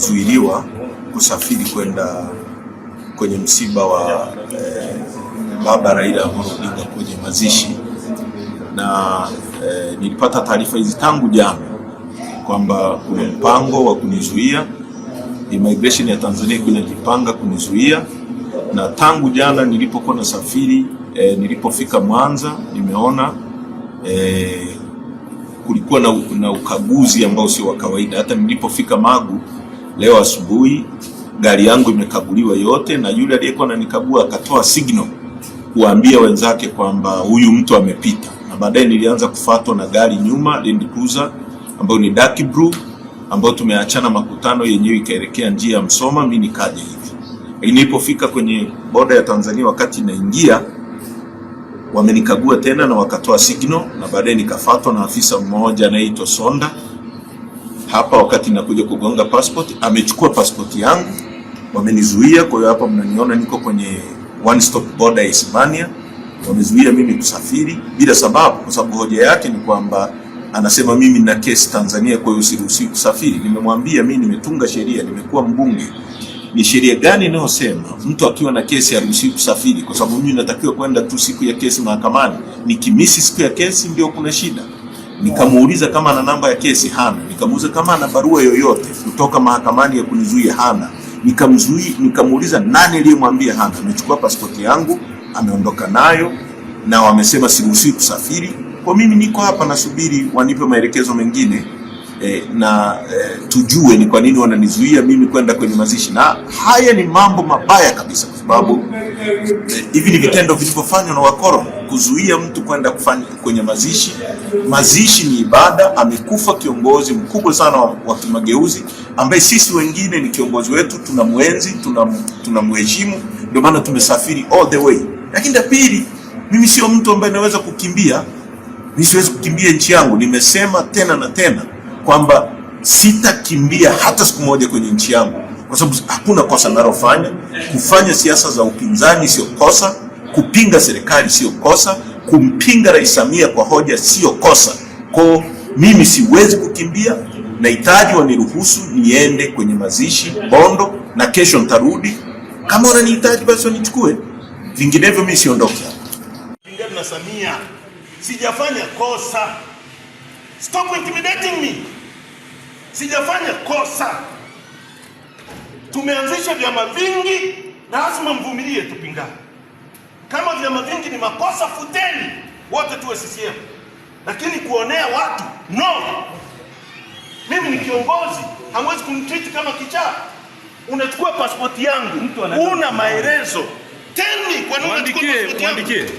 kuzuiliwa kusafiri kwenda kwenye msiba wa eh, baba Raila Amolo Odinga kwenye mazishi, na eh, nilipata taarifa hizi tangu jana kwamba kuna mpango wa kunizuia. Immigration ya Tanzania kunajipanga kunizuia, na tangu jana nilipokuwa na safiri eh, nilipofika Mwanza nimeona eh, kulikuwa na, na ukaguzi ambao sio wa kawaida. Hata nilipofika Magu Leo asubuhi gari yangu imekaguliwa yote, na yule aliyekuwa ananikagua akatoa signal kuambia wenzake kwamba huyu mtu amepita, na baadaye nilianza kufuatwa na gari nyuma, Land Cruiser ambayo ni dark blue, ambayo tumeachana makutano yenyewe, ikaelekea njia ya Msoma, mimi nikaja hivi. Nilipofika kwenye boda ya Tanzania, wakati naingia wamenikagua tena na wakatoa signal, na baadaye nikafuatwa na afisa mmoja anaitwa Sonda hapa wakati nakuja kugonga passport, amechukua passport yangu, wamenizuia. Kwa hiyo hapa mnaniona niko kwenye one stop border ya Hispania, wamezuia mimi kusafiri bila sababu, kwa sababu hoja yake ni kwamba anasema mimi na kesi Tanzania, kwa hiyo siruhusi kusafiri. Nimemwambia mimi nimetunga sheria, nimekuwa mbunge, ni sheria gani inayosema mtu akiwa na kesi haruhusi kusafiri? Kwa sababu mimi natakiwa kwenda tu siku ya kesi mahakamani, nikimisi siku ya kesi ndio kuna shida. Nikamuuliza kama ana namba ya kesi, hana. Nikamuuliza kama ana barua yoyote kutoka mahakamani ya kunizuia, hana. Nikamzuia, nikamuuliza nani aliyemwambia, hana. Amechukua pasipoti yangu ameondoka nayo, na wamesema siruhusiwi kusafiri. Kwa mimi niko hapa nasubiri wanipe maelekezo mengine eh, na eh, tujue ni kwa nini wananizuia mimi kwenda kwenye mazishi. Na haya ni mambo mabaya kabisa, kwa sababu eh, hivi eh, ni vitendo vilivyofanywa na wakoro, kuzuia mtu kwenda kufanya kwenye mazishi. Mazishi ni ibada. Amekufa kiongozi mkubwa sana wa, wa kimageuzi ambaye sisi wengine ni kiongozi wetu, tuna mwenzi, tunamheshimu, tuna ndio maana tumesafiri all the way. Lakini la pili, mimi sio mtu ambaye naweza kukimbia, mimi siwezi kukimbia nchi yangu, nimesema tena na tena kwamba sitakimbia hata siku moja kwenye nchi yangu, kwa sababu hakuna kosa ninalofanya. Kufanya siasa za upinzani sio kosa, kupinga serikali sio kosa, kumpinga Rais Samia kwa hoja sio kosa. Kwa mimi siwezi kukimbia, nahitaji waniruhusu niende kwenye mazishi Bondo na kesho nitarudi. Kama wananihitaji basi wanichukue, vinginevyo mimi siondoke. na Samia sijafanya kosa. Stop intimidating me. Sijafanya kosa. Tumeanzisha vyama vingi, lazima mvumilie, tupingane. Kama vyama vingi ni makosa, futeni wote, tuwe CCM. Lakini kuonea watu no. Mimi ni kiongozi, hamwezi kumtreat kama kichaa. Unachukua pasipoti yangu, una maelezo teni, kwa nini unachukua pasipoti yangu?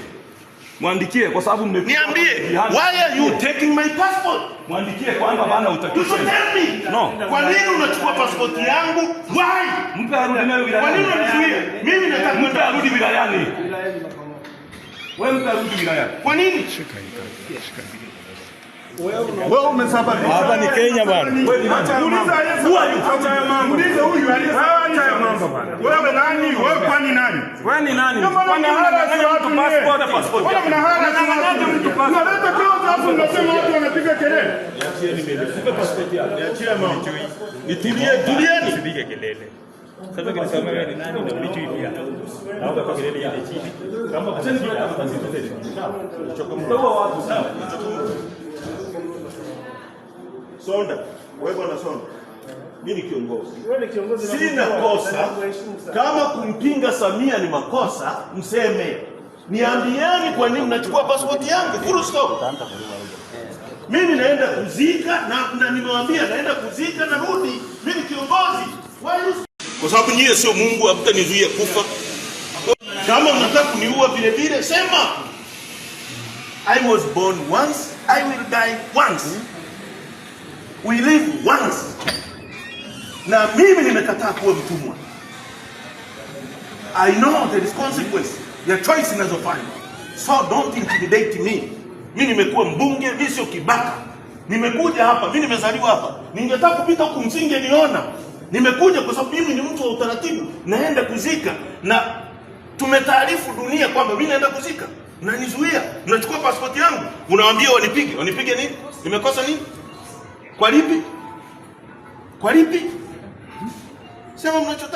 Mwandikie kwa sababu mmekuja. Niambie, why are you taking my passport? Mwandikie kwamba bana utakiwa. You tell me. No. Kwa nini unachukua passport yangu? Why? Mpe arudi nayo bila. Kwa nini unanizuia? Mimi nataka mpe arudi bila yani. Wewe mpe arudi bila yani. Kwa nini? Shika hii. Shika hii. Wewe umesababisha. Hapa ni Kenya bwana. Muulize huyu mambo bwana. Wewe nani? Wewe kwani nani? Kwani nani? Kwani hara si watu passport passport. Kwani mna hara si watu mtu passport. Unaleta kaos hapo mnasema watu wanapiga kelele. Niachieni mimi. Nipe passport yako. Niachie mama. Nitulie, tulieni. Usipige kelele. Sasa kilisema wewe ni nani na mbichi hivi hapa. Naomba kwa kelele ile chini. Kama kwa sasa ndio hapa sasa. Chokoa watu sawa. Chokoa sonda wewe na sonda. Mimi ni kiongozi, sina kosa. Kama kumpinga Samia ni makosa, mseme, niambieni kwa nini mnachukua pasipoti yangu, full stop. Mimi naenda kuzika na, na nimewaambia naenda kuzika na rudi. Mimi ni kiongozi, kwa sababu nyie sio Mungu, hamtanizuia kufa. Kama mnataka kuniua vile vile, sema I was born once, I will die once. We live once. Na mimi nimekataa kuwa mtumwa. I know there is consequence ya choice ninazofanya. So don't intimidate me. Mimi nimekuwa mbunge, mimi sio kibaka. Nimekuja hapa, mimi nimezaliwa hapa. Ningetaka kupita huku niona Nimekuja kwa sababu mimi ni mtu wa utaratibu, naenda kuzika na tumetaarifu dunia kwamba mimi naenda kuzika. nanizuia nachukua pasipoti yangu, unawaambia wanipige. Wanipige nini? Nimekosa nini? Kwa lipi? Kwa lipi? Sema mnachotaka.